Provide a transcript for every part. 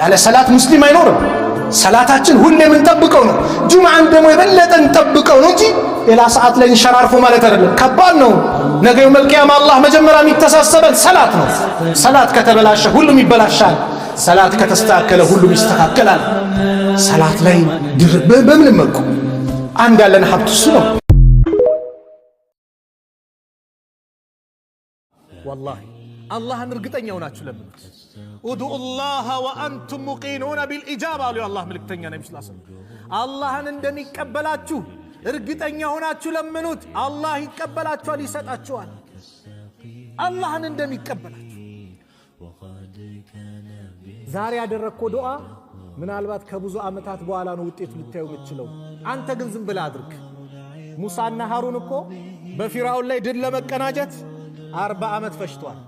ያለ ሰላት ሙስሊም አይኖርም። ሰላታችን ሁሌ የምንጠብቀው ነው። ጁምዓን ደግሞ የበለጠ እንጠብቀው ነው እንጂ ሌላ ሰዓት ላይ እንሸራርፎ ማለት አይደለም። ከባድ ነው። ነገ መልቅያማ አላህ መጀመሪያ የሚተሳሰበን ሰላት ነው። ሰላት ከተበላሸ ሁሉም ይበላሻል። ሰላት ከተስተካከለ ሁሉም ይስተካከላል። ሰላት ላይ በምንም መልኩ አንድ ያለን ሀብት እሱ ነው። الله نرجتن يونا تلم ودو الله وأنتم مقينون بالإجابة لو الله ملك تنيا نمش لاسن الله نندني كبلاتو رجتن يونا تلم الله كبلاتو ليست أشوان الله نندني كبلاتو زاري عند الركو دعاء من البات كبوزو أمتات بوالان وتيت متيوم تلو أنت جنزم بلادرك موسى النهارونكو بفراؤ الله يدل لما كناجت أربع أمت فشتوان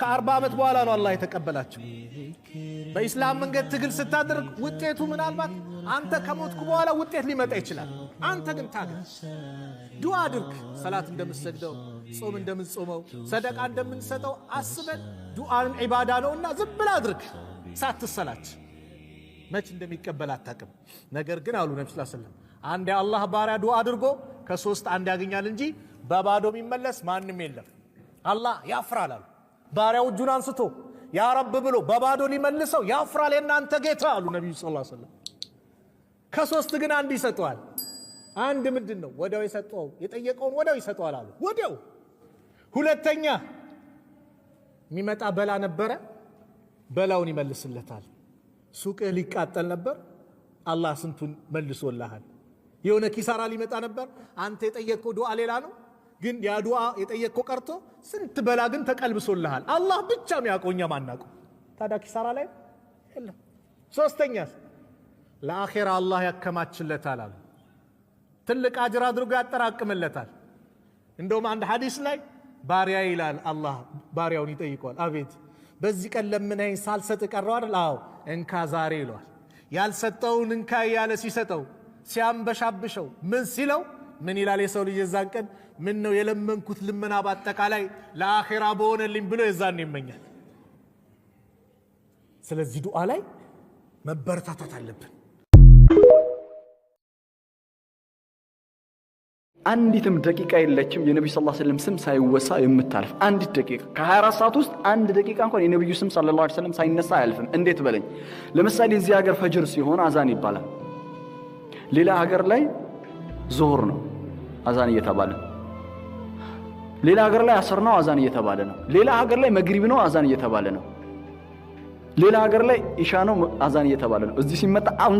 ከአርባ ዓመት በኋላ ነው አላህ የተቀበላቸው። በኢስላም መንገድ ትግል ስታደርግ ውጤቱ ምናልባት አንተ ከሞትኩ በኋላ ውጤት ሊመጣ ይችላል። አንተ ግን ታገል፣ ዱዓ አድርግ። ሰላት እንደምንሰግደው፣ ጾም እንደምንጾመው፣ ሰደቃ እንደምንሰጠው አስበን ዱዓን ዒባዳ ነውና ዝም ብላ አድርግ ሳትሰላች። መች እንደሚቀበል አታቅም። ነገር ግን አሉ ነቢ ስላ ስለም አንድ የአላህ ባሪያ ዱዓ አድርጎ ከሶስት አንድ ያገኛል እንጂ በባዶ የሚመለስ ማንም የለም። አላህ ያፍራል አሉ። ባሪያው እጁን አንስቶ ያ ረብ ብሎ በባዶ ሊመልሰው ያፍራል የእናንተ ጌታ አሉ ነቢዩ ስ ሰለም። ከሶስት ግን አንድ ይሰጠዋል። አንድ ምንድን ነው? ወዲያው የሰጠው የጠየቀውን ወዲያው ይሰጠዋል አሉ። ወዲያው ሁለተኛ የሚመጣ በላ ነበረ፣ በላውን ይመልስለታል። ሱቅህ ሊቃጠል ነበር፣ አላህ ስንቱን መልሶልሃል። የሆነ ኪሳራ ሊመጣ ነበር፣ አንተ የጠየቅከው ዱዓ ሌላ ነው ግን ያ ዱዓ ቀርቶ ስንት በላ ግን ተቀልብሶልሃል። አላህ ብቻ የሚያውቀው እኛ ማናውቀው። ታዲያ ኪሳራ ላይ የለም። ሶስተኛ ለአኼራ አላህ ያከማችለታል አሉ። ትልቅ አጅር አድርጎ ያጠራቅምለታል። እንደውም አንድ ሐዲስ ላይ ባሪያ ይላል አላህ ባሪያውን ይጠይቀዋል። አቤት በዚህ ቀን ለምናኝ ሳልሰጥ ቀረው አይደል? አዎ እንካ ዛሬ ይለዋል። ያልሰጠውን እንካ እያለ ሲሰጠው ሲያንበሻብሸው ምን ሲለው ምን ይላል የሰው ልጅ የዛን ቀን ምን ነው የለመንኩት ልመና በአጠቃላይ ለአኼራ በሆነልኝ ብሎ የዛን ይመኛል። ስለዚህ ዱዓ ላይ መበረታታት አለብን። አንዲትም ደቂቃ የለችም የነቢዩ ስ ስለም ስም ሳይወሳ የምታልፍ አንዲት ደቂቃ ከ24 ሰዓት ውስጥ አንድ ደቂቃ እንኳን የነቢዩ ስም ስለ ላ ስለም ሳይነሳ አያልፍም። እንዴት በለኝ። ለምሳሌ እዚህ ሀገር ፈጅር ሲሆን አዛን ይባላል። ሌላ ሀገር ላይ ዞሁር ነው አዛን እየተባለ ሌላ ሀገር ላይ አስር ነው አዛን እየተባለ ነው። ሌላ ሀገር ላይ መግሪብ ነው አዛን እየተባለ ነው። ሌላ ሀገር ላይ ኢሻ ነው አዛን እየተባለ ነው። እዚህ ሲመጣ አሁን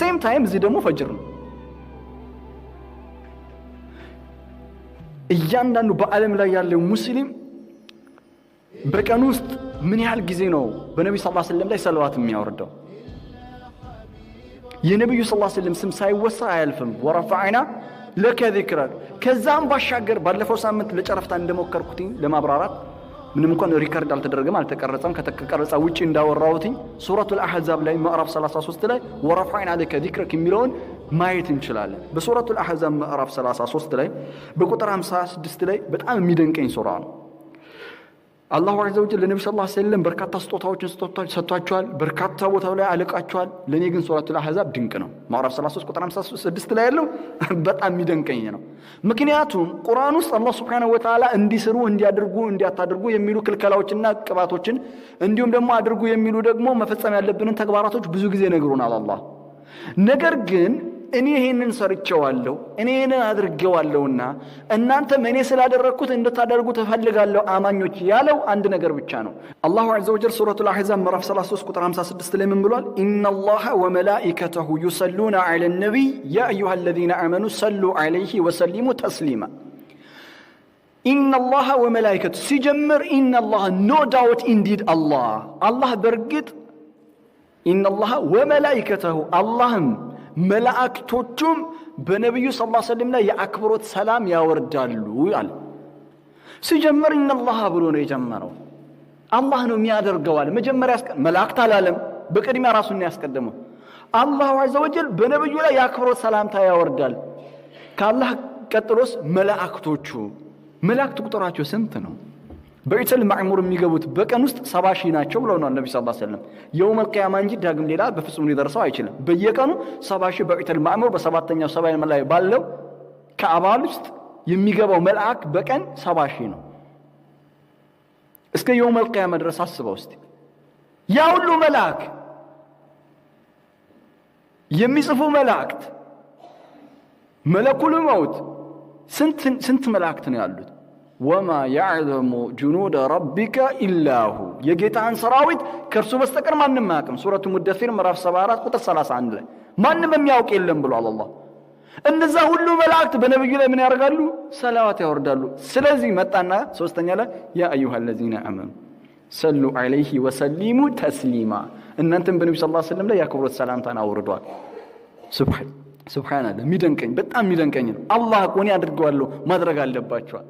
ሴም ታይም እዚህ ደግሞ ፈጅር ነው። እያንዳንዱ በዓለም ላይ ያለው ሙስሊም በቀን ውስጥ ምን ያህል ጊዜ ነው በነቢዩ ስ ስለም ላይ ሰለዋት የሚያወርደው? የነቢዩ ስ ስለም ስም ሳይወሳ አያልፍም። አይና? ለከ ዚክረን። ከዛም ባሻገር ባለፈው ሳምንት ለጨረፍታ እንደሞከርኩትኝ ለማብራራት ምንም እንኳን ሪከርድ አልተደረገም አልተቀረጸም፣ ከተቀረጸ ውጭ እንዳወራሁትኝ ሱረቱል አህዛብ ላይ ምዕራፍ 33 ላይ ወረፋይን አለከ ዚክረክ የሚለውን ማየት እንችላለን። በሱረቱል አሕዛብ ምዕራፍ 33 ላይ በቁጥር 56 ላይ በጣም የሚደንቀኝ ሱራ ነው። አላሁ ዘ ወጀል ለነቢ ስ ሰለም በርካታ ስጦታዎችን ሰጥቷቸዋል። በርካታ ቦታው ላይ አለቃቸዋል። ለእኔ ግን ሱረቱል አሕዛብ ድንቅ ነው። ማዕራፍ 33 ቁጥር 56 ላይ ያለው በጣም የሚደንቀኝ ነው። ምክንያቱም ቁርአን ውስጥ አላህ ስብሓነሁ ወተዓላ እንዲስሩ፣ እንዲያድርጉ፣ እንዲያታድርጉ የሚሉ ክልከላዎችና ቅባቶችን እንዲሁም ደግሞ አድርጉ የሚሉ ደግሞ መፈጸም ያለብንን ተግባራቶች ብዙ ጊዜ ነግሩናል አላህ ነገር ግን እኔ ይሄንን ሰርቸዋለሁ፣ እኔ ይህንን አድርጌዋለሁና እናንተም እኔ ስላደረግኩት እንድታደርጉ ትፈልጋለሁ አማኞች ያለው አንድ ነገር ብቻ ነው። አላሁ ዐዘ ወጀል ሱረቱ ልአሕዛብ ምዕራፍ 33 ቁጥር 56 ላይ ምን ብሏል? ኢነላሃ ወመላኢከተሁ ዩሰሉነ ዐለ ነቢይ ያ አዩሃ ለዚነ አመኑ ሰሉ ዐለይሂ ወሰሊሙ ተስሊማ ኢነላሃ ወመላይከቱ ሲጀምር ኢነላሃ ኖ ዳውት ኢንዲድ አላህ አላህ በእርግጥ ኢነላሃ ወመላይከተሁ አላህም መላእክቶቹም በነቢዩ ስ ላ ሰለም ላይ የአክብሮት ሰላም ያወርዳሉ አለ። ሲጀመር ኢነላሃ ብሎ ነው የጀመረው። አላህ ነው የሚያደርገዋል። መጀመሪያ መላእክት አላለም። በቅድሚያ ራሱን ያስቀደመው አላሁ አዘ ወጀል በነቢዩ ላይ የአክብሮት ሰላምታ ያወርዳል። ከአላህ ቀጥሎስ መላእክቶቹ መላእክት ቁጥራቸው ስንት ነው? በይተል ማዕሙር የሚገቡት በቀን ውስጥ ሰባ ሺህ ናቸው ብለውናል ነቢ ስ ሰለም። የውመል ቅያማ እንጂ ዳግም ሌላ በፍጹም ሊደርሰው አይችልም። በየቀኑ ሰባ ሺህ በይተል ማዕሙር በሰባተኛው ሰማይ ላይ ባለው ከአባል ውስጥ የሚገባው መልአክ በቀን ሰባ ሺህ ነው። እስከ የውመል ቅያማ ድረስ አስበው እስቲ ያ ሁሉ መልአክ የሚጽፉ መላእክት መለኩል መውት ስንት መላእክት ነው ያሉት? ወማ ያዕለሙ ጁኑደ ረቢከ ኢላሁ የጌታን ሰራዊት ከእርሱ በስተቀር ማንም አያውቅም። ሱረቱ ሙደፊር ምዕራፍ 74 ቁጥር 31 ላይ ማንም የሚያውቅ የለም ብሏል አላህ። እነዛ ሁሉ መላእክት በነቢዩ ላይ ምን ያደርጋሉ? ሰላዋት ያወርዳሉ። ስለዚህ መጣና ሶስተኛ ላይ ያ አዩሃ ለዚነ አመኑ ሰሉ ዐለይሂ ወሰሊሙ ተስሊማ እናንተም በነቢ ስ ስለም ላይ የአክብሮት ሰላምታን አውርዷል። ስብሓን አለ። የሚደንቀኝ በጣም የሚደንቀኝ ነው። አላህ ቆኔ አድርገዋለሁ ማድረግ አለባቸዋል።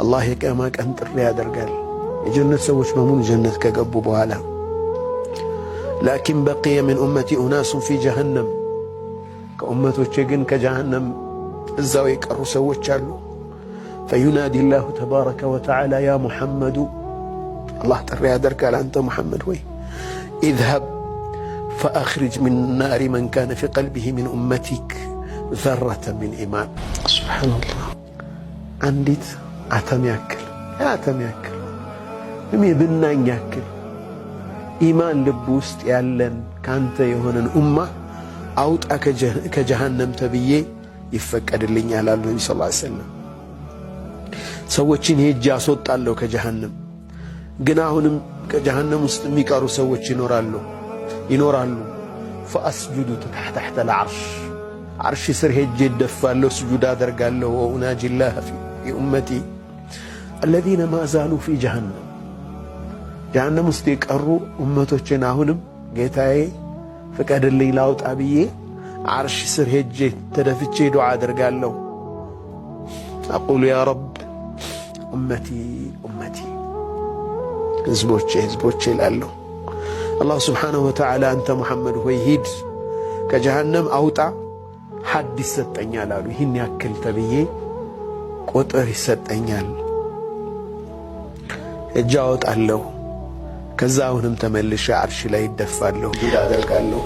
الله يقيما كان طري يادرقال الجنة سوت مامون جنة كقبو بوالا لكن بقي من أمتي أناس في جهنم كأمة تشيقن كجهنم الزاوية كارو سوت فينادي الله تبارك وتعالى يا محمد الله ترى يا يادرقال أنت محمد وي اذهب فأخرج من النار من كان في قلبه من أمتك ذرة من إيمان سبحان الله عندي አተም ያክል አተም ያክል እም ብናኝ ያክል ኢማን ልብ ውስጥ ያለን ካንተ የሆነን ኡማ አውጣ ከጀሃነም ተብዬ ይፈቀድልኛል አሉ ነቢ ስ ሰለም። ሰዎችን ሄጄ አስወጣለሁ ከጀሃነም። ግን አሁንም ከጀሃነም ውስጥ የሚቀሩ ሰዎች ይኖራሉ ይኖራሉ። ፈአስጁዱ ተሕተ ልዓርሽ ዓርሽ ስር ሄጄ ይደፋለሁ፣ ስጁድ አደርጋለሁ። ወኡናጂላህ ፊ ኡመቲ አለዚነ ማዛሉ ፊ ጀሃነም ጀሃነም ውስጥ የቀሩ እመቶችን አሁንም ጌታዬ ፍቀድልኝ ላውጣ ብዬ አርሽ ስር ሄጄ ተደፍቼ ዱዓ አድርጋለሁ። አቁሉ ያ ረብ እመቲ እመቲ ህዝቦቼ ህዝቦቼ ይላለሁ። አላህ ስብሓነሁ ወተዓላ አንተ ሙሐመድ ሆይ ሂድ ከጀሃነም አውጣ ሀድ ይሰጠኛል አሉ። ይህን ያክል ተብዬ ቁጥር ይሰጠኛል። እጅ አወጣለሁ። ከዛ አሁንም ተመልሼ አርሽ ላይ ይደፋለሁ አደርጋለሁ።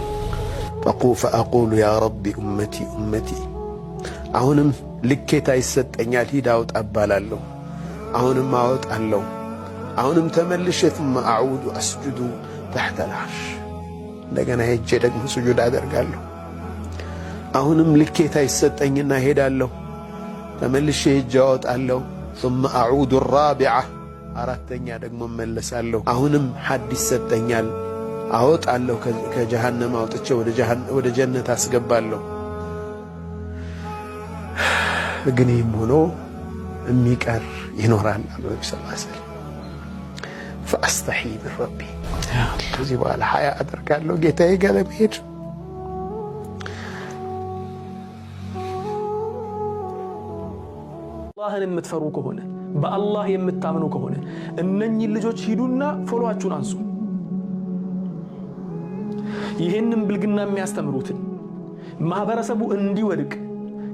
ፈአቁሉ ያ ረቢ ኡመቲ ኡመቲ፣ አሁንም ልኬታ ይሰጠኛል። ሂድ አውጣ እባላለሁ። አሁንም አወጣለሁ። አሁንም ተመልሼ ثم አዑዱ አስጁዱ ተሕተ አልዓርሽ፣ እንደገና ሄጄ ደግሞ ስጁድ አደርጋለሁ። አሁንም ልኬታ ይሰጠኝና ሄዳለሁ። ተመልሼ ሄጄ አወጣለሁ ثم አዑዱ الرابعة አራተኛ ደግሞ መለሳለሁ። አሁንም ሐዲስ ይሰጠኛል፣ አወጣለሁ፣ ከጀሃነም አውጥቼ ወደ ጀነት አስገባለሁ። ግን ይህም ሆኖ የሚቀር ይኖራል አሉ ነቢ ስ ስለም ፈአስተሒ ምን ረቢ ከዚህ በኋላ ሀያ አደርጋለሁ ጌታዬ ጋር ለመሄድ አላህን የምትፈሩ ከሆነ በአላህ የምታምኑ ከሆነ እነኚህ ልጆች ሂዱና ፎሎዋችሁን አንሱ። ይህንም ብልግና የሚያስተምሩትን ማህበረሰቡ እንዲወድቅ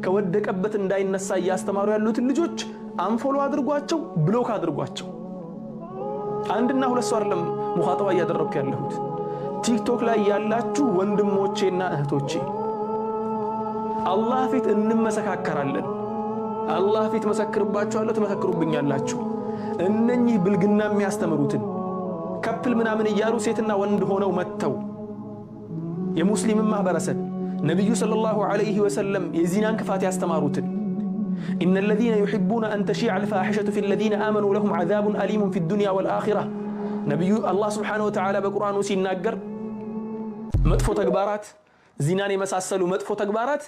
ከወደቀበት እንዳይነሳ እያስተማሩ ያሉትን ልጆች አንፎሎ አድርጓቸው፣ ብሎክ አድርጓቸው። አንድና ሁለት ሰው አይደለም ሙኻጠባ እያደረግኩ ያለሁት ቲክቶክ ላይ ያላችሁ ወንድሞቼና እህቶቼ አላህ ፊት እንመሰካከራለን። አላህ ፊት መሰክርባችኋለሁ፣ ትመሰክሩብኛላችሁ። እነኚህ ብልግና የሚያስተምሩትን ከፕል ምናምን እያሉ ሴትና ወንድ ሆነው መጥተው የሙስሊምን ማህበረሰብ ነቢዩ ሰለላሁ ዐለይሂ ወሰለም የዚናን ክፋት ያስተማሩትን ኢነ ለዚነ ዩሒቡነ አን ተሺዕ አልፋሒሸቱ ፊ ለዚነ አመኑ ለሁም ዐዛቡን አሊሙን ፊ ዱንያ ወልአኺራ ነቢዩ አላህ ስብሓነሁ ወተዓላ በቁርአኑ ሲናገር መጥፎ ተግባራት ዚናን የመሳሰሉ መጥፎ ተግባራት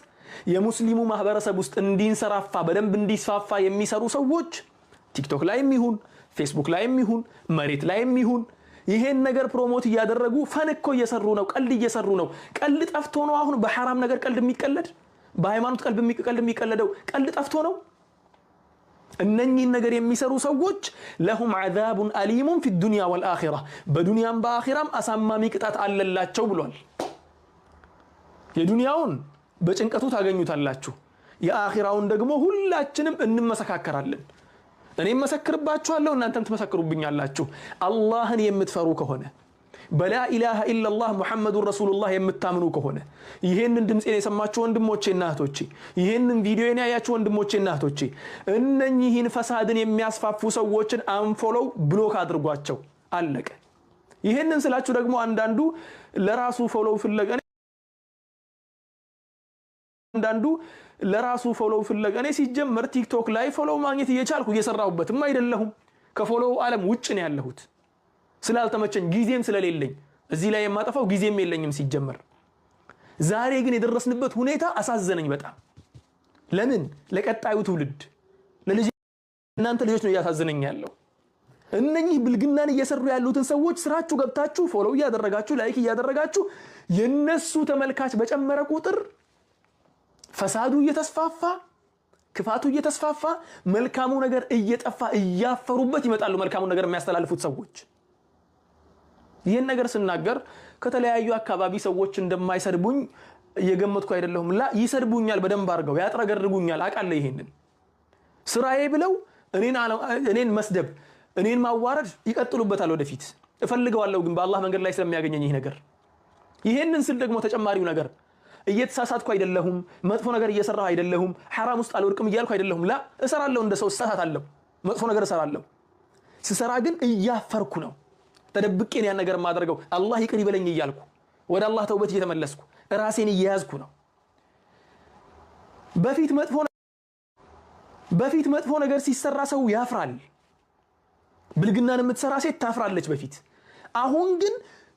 የሙስሊሙ ማህበረሰብ ውስጥ እንዲንሰራፋ በደንብ እንዲስፋፋ የሚሰሩ ሰዎች ቲክቶክ ላይም ይሁን ፌስቡክ ላይም ይሁን መሬት ላይም ይሁን ይሄን ነገር ፕሮሞት እያደረጉ ፈን እኮ እየሰሩ ነው። ቀልድ እየሰሩ ነው። ቀልድ ጠፍቶ ነው አሁን በሐራም ነገር ቀልድ የሚቀለድ በሃይማኖት ቀልድ የሚቀለደው ቀልድ ጠፍቶ ነው። እነኚህን ነገር የሚሰሩ ሰዎች ለሁም ዓዛቡን አሊሙን ፊ ዱንያ ወልአኺራ በዱንያም በአኺራም አሳማሚ ቅጣት አለላቸው ብሏል። የዱንያውን በጭንቀቱ ታገኙታላችሁ። የአኺራውን ደግሞ ሁላችንም እንመሰካከራለን። እኔ መሰክርባችኋለሁ፣ እናንተም ትመሰክሩብኛላችሁ። አላህን የምትፈሩ ከሆነ በላ ኢላሃ ኢላላህ ሙሐመዱን ረሱሉላህ የምታምኑ ከሆነ ይህንን ድምፄን የሰማችሁ ወንድሞቼና እህቶቼ፣ ይህንን ቪዲዮን ያያችሁ ወንድሞቼና እህቶቼ፣ እነኚህን ፈሳድን የሚያስፋፉ ሰዎችን አንፎሎው ብሎክ አድርጓቸው። አለቀ። ይህንን ስላችሁ ደግሞ አንዳንዱ ለራሱ ፎሎው ፍለገ አንዳንዱ ለራሱ ፎሎው ፍለጋ እኔ ሲጀመር ቲክቶክ ላይ ፎሎው ማግኘት እየቻልኩ እየሰራሁበትም አይደለሁም። ከፎሎው ዓለም ውጭ ነው ያለሁት ስላልተመቸኝ ጊዜም ስለሌለኝ እዚህ ላይ የማጠፋው ጊዜም የለኝም ሲጀመር። ዛሬ ግን የደረስንበት ሁኔታ አሳዘነኝ በጣም። ለምን ለቀጣዩ ትውልድ ለልጅ እናንተ ልጆች ነው እያሳዘነኝ ያለው። እነኚህ ብልግናን እየሰሩ ያሉትን ሰዎች ስራችሁ ገብታችሁ ፎሎው እያደረጋችሁ ላይክ እያደረጋችሁ የነሱ ተመልካች በጨመረ ቁጥር ፈሳዱ እየተስፋፋ ክፋቱ እየተስፋፋ መልካሙ ነገር እየጠፋ እያፈሩበት ይመጣሉ። መልካሙ ነገር የሚያስተላልፉት ሰዎች ይህን ነገር ስናገር ከተለያዩ አካባቢ ሰዎች እንደማይሰድቡኝ እየገመትኩ አይደለሁም። ላ ይሰድቡኛል፣ በደንብ አድርገው ያጥረገድጉኛል። አውቃለሁ። ይሄንን ስራዬ ብለው እኔን መስደብ፣ እኔን ማዋረድ ይቀጥሉበታል። ወደፊት እፈልገዋለሁ፣ ግን በአላህ መንገድ ላይ ስለሚያገኘኝ ይህ ነገር ይሄንን ስል ደግሞ ተጨማሪው ነገር እየተሳሳትኩ አይደለሁም፣ መጥፎ ነገር እየሰራሁ አይደለሁም፣ ሐራም ውስጥ አልወድቅም እያልኩ አይደለሁም። ላ እሰራለሁ፣ እንደ ሰው እሳሳታለሁ፣ መጥፎ ነገር እሰራለሁ። ስሰራ ግን እያፈርኩ ነው፣ ተደብቄን ያን ነገር የማደርገው አላህ ይቅር ይበለኝ እያልኩ ወደ አላህ ተውበት እየተመለስኩ ራሴን እየያዝኩ ነው። በፊት መጥፎ ነገር ሲሰራ ሰው ያፍራል። ብልግናን የምትሰራ ሴት ታፍራለች በፊት አሁን ግን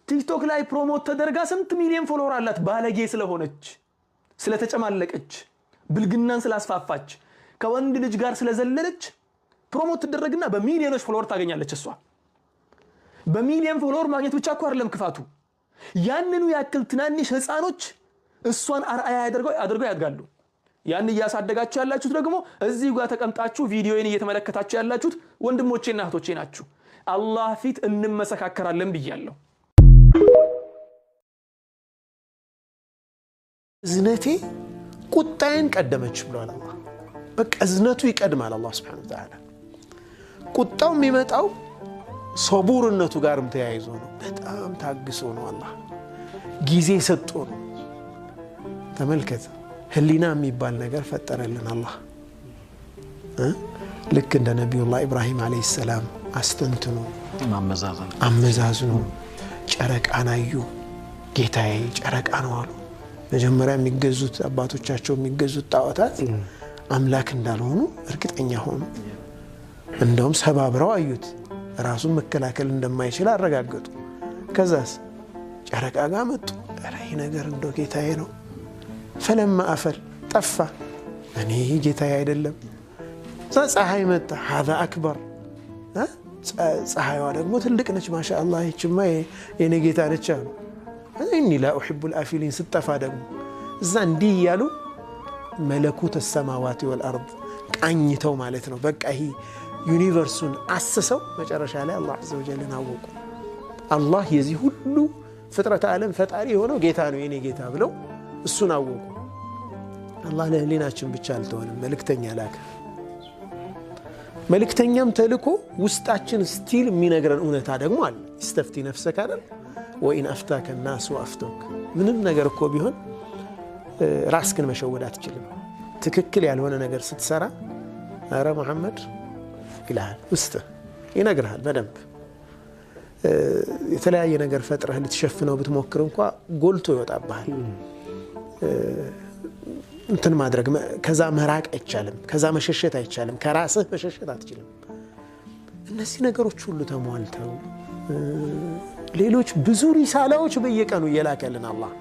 ቲክቶክ ላይ ፕሮሞት ተደርጋ ስንት ሚሊዮን ፎሎወር አላት። ባለጌ ስለሆነች፣ ስለተጨማለቀች፣ ብልግናን ስላስፋፋች፣ ከወንድ ልጅ ጋር ስለዘለለች ፕሮሞት ትደረግና በሚሊዮኖች ፎሎወር ታገኛለች። እሷ በሚሊዮን ፎሎወር ማግኘት ብቻ እኮ አይደለም ክፋቱ። ያንኑ ያክል ትናንሽ ህፃኖች እሷን አርአያ አድርገው ያድጋሉ። ያን እያሳደጋችሁ ያላችሁት ደግሞ እዚህ ጋር ተቀምጣችሁ ቪዲዮን እየተመለከታችሁ ያላችሁት ወንድሞቼና እህቶቼ ናችሁ። አላህ ፊት እንመሰካከራለን ብያለሁ። እዝነቴ ቁጣዬን ቀደመች ብሏል አላ በቃ እዝነቱ ይቀድማል አላ ስብን ተላ ቁጣው የሚመጣው ሰቡርነቱ ጋርም ተያይዞ ነው። በጣም ታግሶ ነው አላ ጊዜ ሰጦ ነው። ተመልከት፣ ህሊና የሚባል ነገር ፈጠረልን አላ። ልክ እንደ ነቢዩላ ኢብራሂም ዓለይሂ ሰላም አስተንትኖ አመዛዝኖ ጨረቃን አዩ። ጌታዬ ጨረቃ ነው አሉ። መጀመሪያ የሚገዙት አባቶቻቸው የሚገዙት ጣዖታት አምላክ እንዳልሆኑ እርግጠኛ ሆኑ። እንደውም ሰባብረው አዩት። ራሱን መከላከል እንደማይችል አረጋገጡ። ከዛስ ጨረቃ ጋር መጡ። ኧረ ይህ ነገር እንደ ጌታዬ ነው። ፈለማ አፈል ጠፋ። እኔ ጌታዬ አይደለም። እዛ ፀሐይ መጣ። ሀዘ አክበር ፀሐይዋ ደግሞ ትልቅ ነች። ማሻ አላህ ይችማ የኔ ጌታ ነች አሉ። እኒ ላ ኡሒቡል አፊሊን ስጠፋ ደግሞ እዛ እንዲህ እያሉ መለኩት ሰማዋት ወልአርድ ቃኝተው ማለት ነው። በቃ ይሄ ዩኒቨርሱን አስሰው መጨረሻ ላይ አላህ ወጀልን አወቁ። አላህ የዚህ ሁሉ ፍጥረት ዓለም ፈጣሪ የሆነው ጌታ ነው የኔ ጌታ ብለው እሱን አወቁ። አላህ ለህሊናችን ብቻ አልተሆንም፣ መልእክተኛ ላከ። መልእክተኛም ተልኮ ውስጣችን ስቲል የሚነግረን እውነታ ደግሞ አለ። ስተፍቲ ነፍሰ ካደል ወኢን አፍታከ ናሱ አፍቶክ። ምንም ነገር እኮ ቢሆን ራስክን መሸወድ አትችልም። ትክክል ያልሆነ ነገር ስትሰራ አረ መሐመድ ይልሃል፣ ውስጥ ይነግርሃል በደንብ የተለያየ ነገር ፈጥረህ ልትሸፍነው ብትሞክር እንኳ ጎልቶ ይወጣብሃል። እንትን ማድረግ ከዛ መራቅ አይቻልም፣ ከዛ መሸሸት አይቻልም፣ ከራስህ መሸሸት አትችልም። እነዚህ ነገሮች ሁሉ ተሟልተው ሌሎች ብዙ ሪሳላዎች በየቀኑ እየላከልን አላህ